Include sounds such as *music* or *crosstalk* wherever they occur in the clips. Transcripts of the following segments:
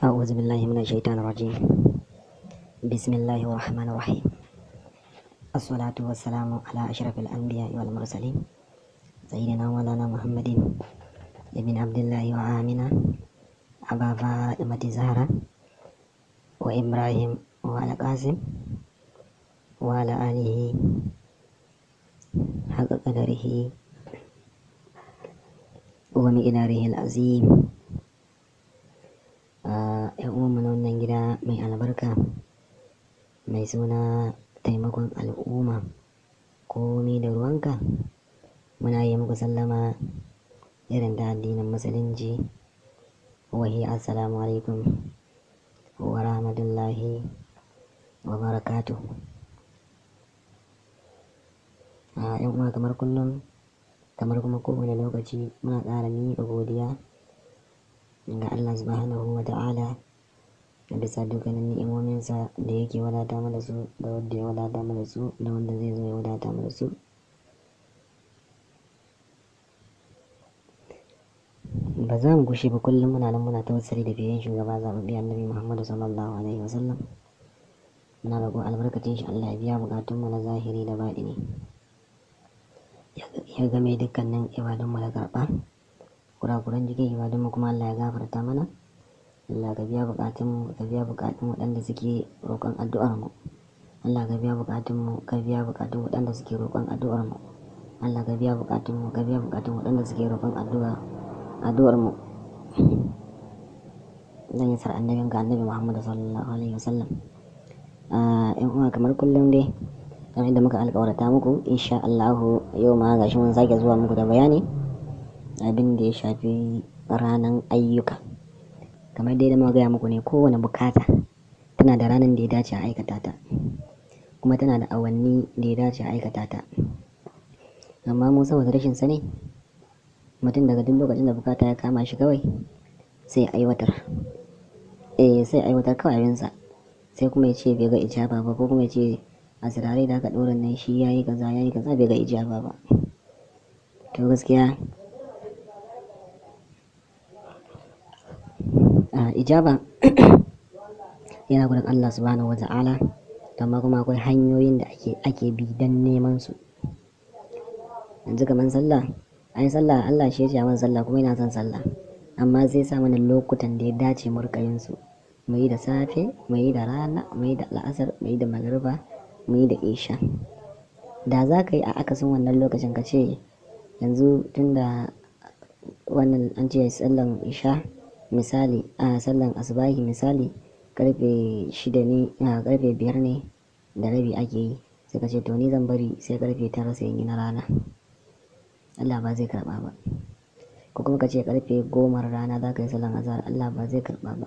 أعوذ بالله من الشيطان الرجيم بسم الله الرحمن الرحيم الصلاة والسلام على أشرف الأنبياء والمرسلين سيدنا مولانا محمد ابن عبد الله وآمنة أبا فاطمة زهرة وإبراهيم وعلى قاسم وعلى آله حق قدره ومقداره العظيم 'yan uwanmu na wannan gida mai albarka mai suna taimakon al'umma komi da ruwanka muna yi muku sallama irin da addinin musulunci wahi assalamu alaikum wa rahmatullahi wa barakatu a 'yan uwa kamar kullum kamar kuma kowane lokaci muna ƙara miƙa godiya ga Allah subhanahu wa ta'ala bisa dukkanin ni'imominsa da yake wadata mana su da wanda ya wadata mana su da wanda zai zo ya wadata mana su ba za mu gushe ba kullum muna nan muna wasari da biyan shugaba zababbi annabi Muhammadu sallallahu alaihi wasallam muna roƙon albarkacin shi Allah ya biya bukatun mu na zahiri da ne. ya game dukkanin ibadun mu da karɓa kurakuran jikin ibadun kuma Allah ya gafarta mana Allah ka biya bukatunmu biya bukatun waɗanda suke roƙon addu'ar mu Allah ka biya bukatun biya bukatun waɗanda suke roƙon Allah biya biya bukatun waɗanda suke roƙon addu'a dan yasar annabin annabi Muhammad sallallahu alaihi wasallam ah, uwa kamar kullum dai kamar yadda muka alƙawarta muku insha Allah yau ma gashi mun sake zuwa muku da bayani abin da ya shafi ranan ayyuka kamar dai da muka gaya muku ne kowane bukata tana da ranar da ya dace a aikata ta kuma tana da awanni da ya dace a aikata ta amma mu saboda rashin sani mutum daga duk lokacin da bukata ya kama shi kawai sai aiwatar eh sai aiwatar kawai abinsa sai kuma ya ce bai ga ijaba ba ko kuma ya ce a sirare da aka ɗora nan shi ya yi kaza ya kaza bai ga ijaba ba to gaskiya ijaba yana gurin Allah subhanahu wata'ala amma kuma akwai hanyoyin da ake bi don neman su yanzu kamar sallah ai sallah Allah shi ya ce sallah kuma yana son sallah amma zai sa mana lokutan da ya dace murkayinsu mu yi da safe mu yi da rana mu yi da la'asar mu yi da magariba mu yi da isha da za ka yi a akasin wannan lokacin ka ce yanzu tunda wannan an ce sallan isha misali a sallan asubahi misali karfe shida ne a karfe biyar ne da rabi ake yi sai ka ce to ni zan bari sai karfe tara sai yi na rana Allah ba zai karɓa ba ko kuma ka ce karfe goma rana za ka yi sallan azhar Allah ba zai karɓa ba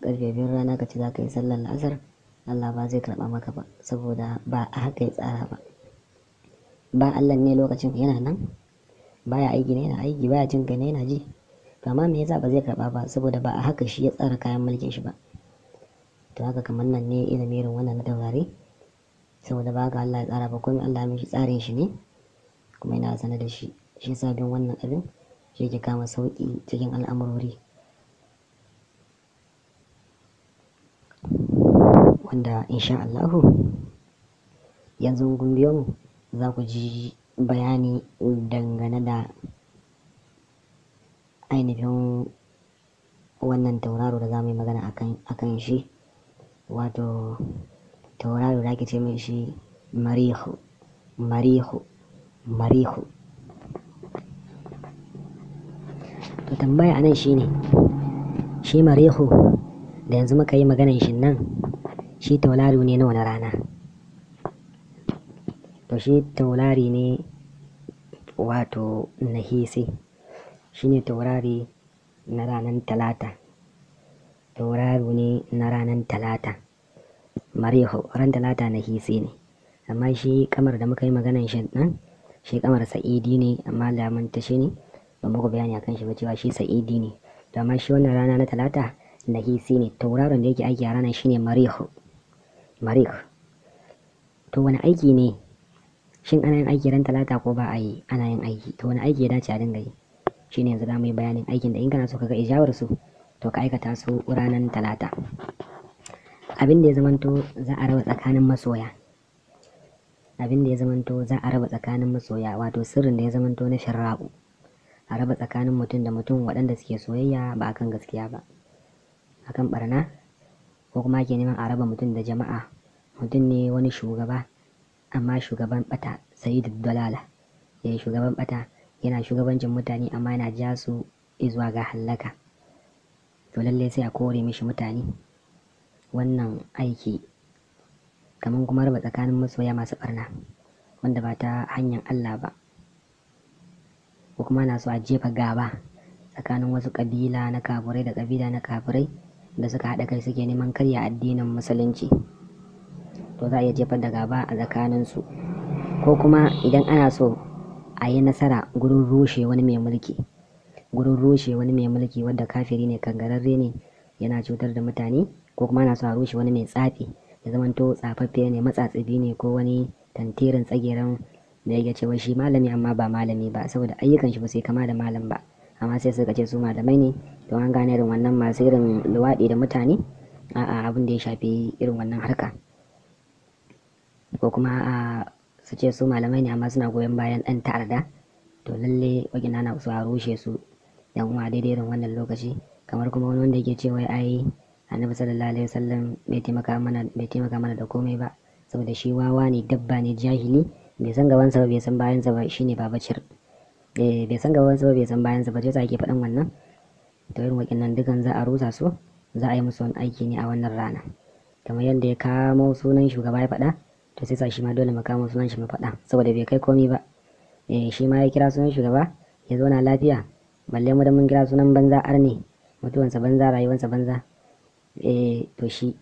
karfe biyar rana ka ce za ka yi sallan la'asar Allah ba zai karɓa maka ba saboda ba a haka ya tsara ba ba Allah ne lokacin yana nan baya aiki ne yana aiki baya jin ka ne yana ji to amma me yasa ba zai karɓa ba saboda ba a haka shi ya tsara kayan mulkin shi ba to haka kamar nan ne ilimi irin wannan na taurari saboda ba haka Allah ya tsara ba komai Allah ya mishi tsarin shi ne kuma yana sanar da shi shi yasa bin wannan abin shi yake kama sauki cikin al'amurori wanda insha Allahu yanzu kun biyo za ku ji bayani dangane da ainihin wannan tauraro da za mu yi magana a kan shi wato tauraro da ake ce mai shi marihu marihu marihu to tambaya anan shine shi marihu da yanzu muka yi maganan shi nan shi tauraro ne na wani rana to shi taurari ne wato nahisi shine taurari na ranar talata tauraro ne na ranar talata mariho ran talata na hisi ne amma shi kamar da muka yi maganan shi nan shi kamar sa'idi ne amma lamun ta shi ne ba muku bayani akan shi ba cewa shi sa'idi ne to amma shi wannan rana na talata na hisi ne tauraron da yake aiki a ranar shine mariho marih to wani aiki ne shin ana yin aiki ran talata ko ba a yi ana yin aiki to wani aiki ya dace a dinga yi shine yanzu za mu yi bayanin aikin da in kana so ka ga ijawar su to ka aikata su ranar talata abin da ya zamanto za a raba tsakanin masoya abin da ya zamanto za a raba tsakanin masoya wato sirrin da ya zamanto na sharra'u a raba tsakanin mutum da mutum waɗanda suke soyayya ba akan gaskiya ba akan barna ko kuma ke neman a raba mutum da jama'a mutum ne wani shugaba amma shugaban bata sai da dalala ya yi shugaban bata yana shugabancin mutane amma yana ja su zuwa ga hallaka to lallai sai a kore mishi mutane wannan aiki kamar kuma raba tsakanin masoya masu barna wanda ba ta hanyar Allah ba ko kuma na so a jefa gaba tsakanin wasu kabila na kaburai da kabila na kaburai da suka haɗa kai suke neman karya addinin musulunci to za a iya jefar da gaba a tsakaninsu ko kuma idan ana so a yi nasara gurin rushe wani mai mulki gurin rushe wani mai mulki wadda kafiri ne kangararre ne yana cutar da mutane ko kuma na so a rushe wani mai tsafi ya zamanto tsafaffe ne matsatsibi ne ko wani tantirin tsageren da ya cewa shi malami amma ba malami ba saboda ayyukan shi ba sai kama da malam ba amma sai suka ce su malamai ne to an gane irin wannan masu irin luwaɗi da mutane a'a abin da ya shafi irin wannan harka ko kuma a su ce su malamai ne amma suna goyon bayan ɗan ta'arda to lalle wakina na su a rushe su yan uwa daidai irin wannan lokaci kamar kuma wani wanda yake cewa ai annabi sallallahu alaihi wasallam bai taimaka mana bai taimaka mana da komai ba saboda shi wawa ne dabba ne jahili bai san gabansa ba bai san bayansa ba shine babacir eh, bai san gabansa ba bai san bayansa ba sai ake faɗin wannan to irin nan dukan za a rusa su za a yi musu wani aiki ne a wannan rana kamar yadda ya kamo sunan shugaba ya faɗa to sai sa shi ma dole mu sunan shi mu fada saboda bai kai komi ba eh shi ma ya kira sunan shugaba ya na lafiya balle mu da mun kira sunan banza arne mutuwansa banza rayuwansa banza eh to shi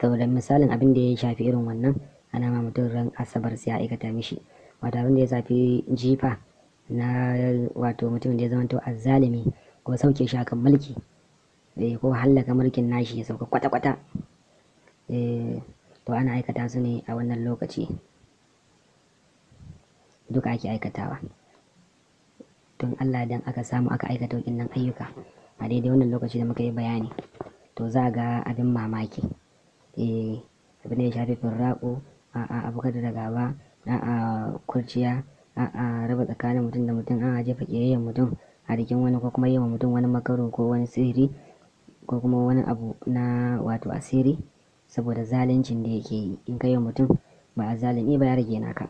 saboda misalin abin da ya shafi irin wannan ana ma mutum ran asabar sai a aikata mishi wato abin da ya shafi jifa na wato mutum da ya zama to azzalimi ko sauke shi akan mulki eh, ko hallaka mulkin nashi ya sauka kwata-kwata eh, to ana aikata su ne a wannan lokaci duka ake aikatawa don Allah don aka samu aka aikata waɗannan ayyuka a daidai wannan lokaci da muka yi bayani to za a ga abin mamaki eh abin da ya shafi firraƙo a abokan da gaba a kurciya a raba tsakanin mutum da mutum a jefa ƙiyayyen mutum a jikin wani ko kuma yi wa mutum wani makaro ko wani sihiri ko kuma wani abu na wato asiri saboda zalincin da yake yi in kai mutum ba a zalin ba ya rage naka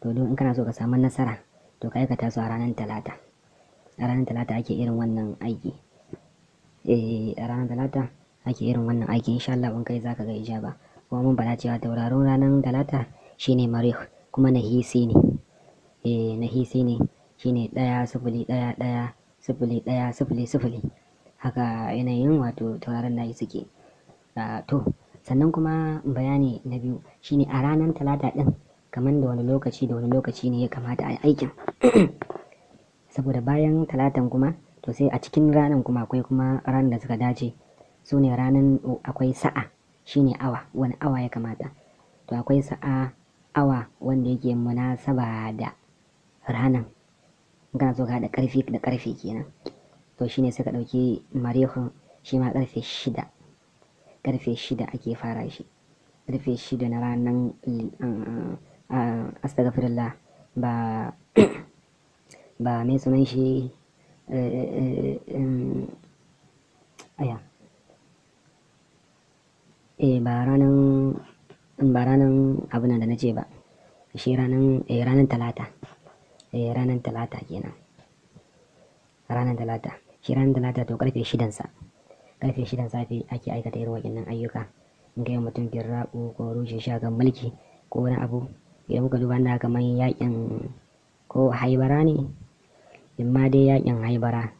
to don in kana so ka samu nasara to ka aikata su a ranar talata a ranar talata ake irin wannan aiki eh a ranar talata ake irin wannan aiki insha Allah in kai zaka ga ijaba kuma mun bada cewa tauraron ranar talata shine marih kuma nahisi ne eh nahisi ne shine ɗaya sifili ɗaya ɗaya sifili ɗaya haka yanayin wato tauraron nayi suke to sannan kuma bayani na biyu shine a ranar talata ɗin kamar da wani lokaci da wani lokaci ne ya kamata a yi aikin *clears throat* saboda bayan talatan kuma to sai a cikin ranar kuma akwai kuma ranar da suka dace su ne ranar akwai sa'a shine awa wani awa ya kamata to akwai sa'a awa wanda yake munasaba da ranar kana so ka da karfi da karfe kenan to shine suka ɗauki marihun shi ma karfe shida karfe shida ake fara shi karfe shida na ranar ah, ah, astagfirullah ba ba mai sunan shi eh, eh, eh, aya ba ranar ba abin da na ce ba shi ranar talata ranar talata kenan Ranar talata shi ranar talata to karfe shidansa. karfe shidan safe ake aikata irin wa'innan ayyuka in kai mutum raɓu ko rushe shagon mulki ko wani abu idan muka duba na kamar yakin ko haibara ne in ma dai yakin haibara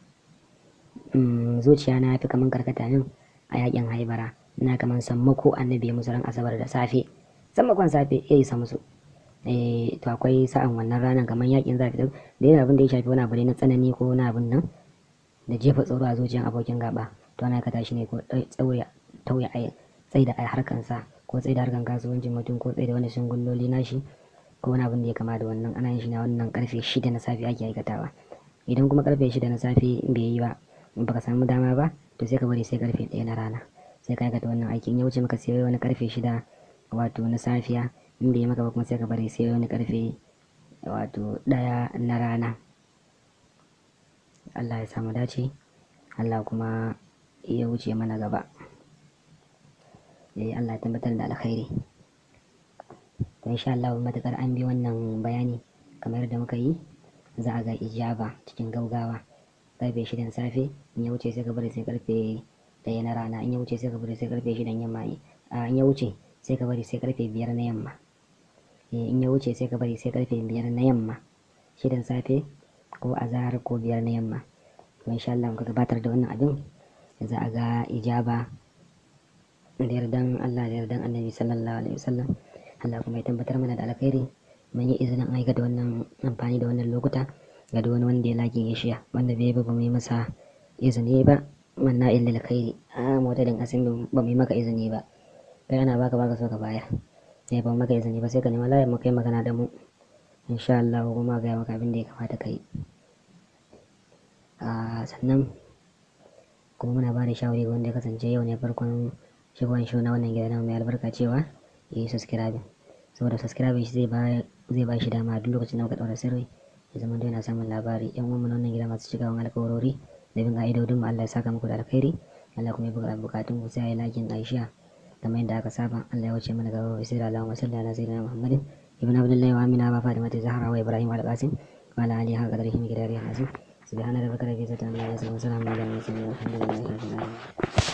mm, zuciya na fi kamar karkata nan a yakin haibara na kamar sammako annabi musu ran asabar da safe sammakon safe ya isa musu eh, to akwai sa'an wannan ranar kamar yakin zafi da yana abin da ya shafi wani abu ne na tsanani ko wani abin nan da jefa tsoro a zuciyar abokin gaba to ana kata shi ne ko tauya ai da ai harkansa ko da harkan kasuwancin mutum ko da wani shingulloli nashi ko wani abin da ya kama da wannan ana yin shi na wannan karfe shida na safe ake aikatawa idan kuma karfe shida na safe bai yi ba baka samu dama ba to sai ka bari sai karfe ɗaya na rana sai ka aikata wannan aiki in ya wuce maka sai wani karfe shida wato na safiya in bai yi maka ba kuma sai ka bari sai wani karfe wato ɗaya na rana Allah ya samu dace Allah kuma ya wuce mana gaba yayi eh, Allah ya tabbatar da alkhairi to insha Allah matakar an bi wannan bayani kamar yadda muka yi za a ga ijaba cikin gaugawa karfe shidan safe in ya wuce sai ka bari sai karfe ɗaya na rana in ya wuce sai ka bari sai karfe shidan yamma in ya wuce sai ka bari sai karfe biyar na yamma eh, in ya wuce sai ka bari sai karfe biyar na yamma shidan safe ko azahar ko biyar na yamma to insha Allah ka gabatar da wannan abin za a ga ijaba da yardan Allah da yardan annabi sallallahu alaihi wasallam Allah kuma ya tabbatar mana da alkhairi mun yi izinin aika da wannan amfani da wannan lokuta ga duk wani wanda ya lake ya wanda bai ba mu yi masa izini ba manna illa alkhairi a din asin ba mu yi maka izini ba kai ana baka baka so ka bayar sai eh, ba maka izini ba sai ka nema layar mu kai magana da mu insha Allah kuma ga maka abin da ya kamata kai ah, sannan kuma muna ba da shawari ga wanda ya kasance yau ne farkon shigowar shi na wannan gida mai albarka cewa ya yi subscribe saboda subscribe shi zai ba shi dama duk lokacin da muka ɗaura sirri ya zama yana samun labari yan uwan wannan gida masu cikawan alkawarori da bin ka'idodin mu Allah ya saka muku da alkhairi Allah kuma ya buga bukatun ku sai ya lakin Aisha kamar yadda aka saba Allah ya wuce mana gaba wa sirra Allahumma salli ala sayyidina Muhammad ibn Abdullahi wa Amina ba Fatima ta Zahra wa Ibrahim wa Al-Qasim wa ala alihi wa qadarihi min subhana rabbika rabbil izzati amma yasifun salamun da mursalin walhamdulillahi rabbil alamin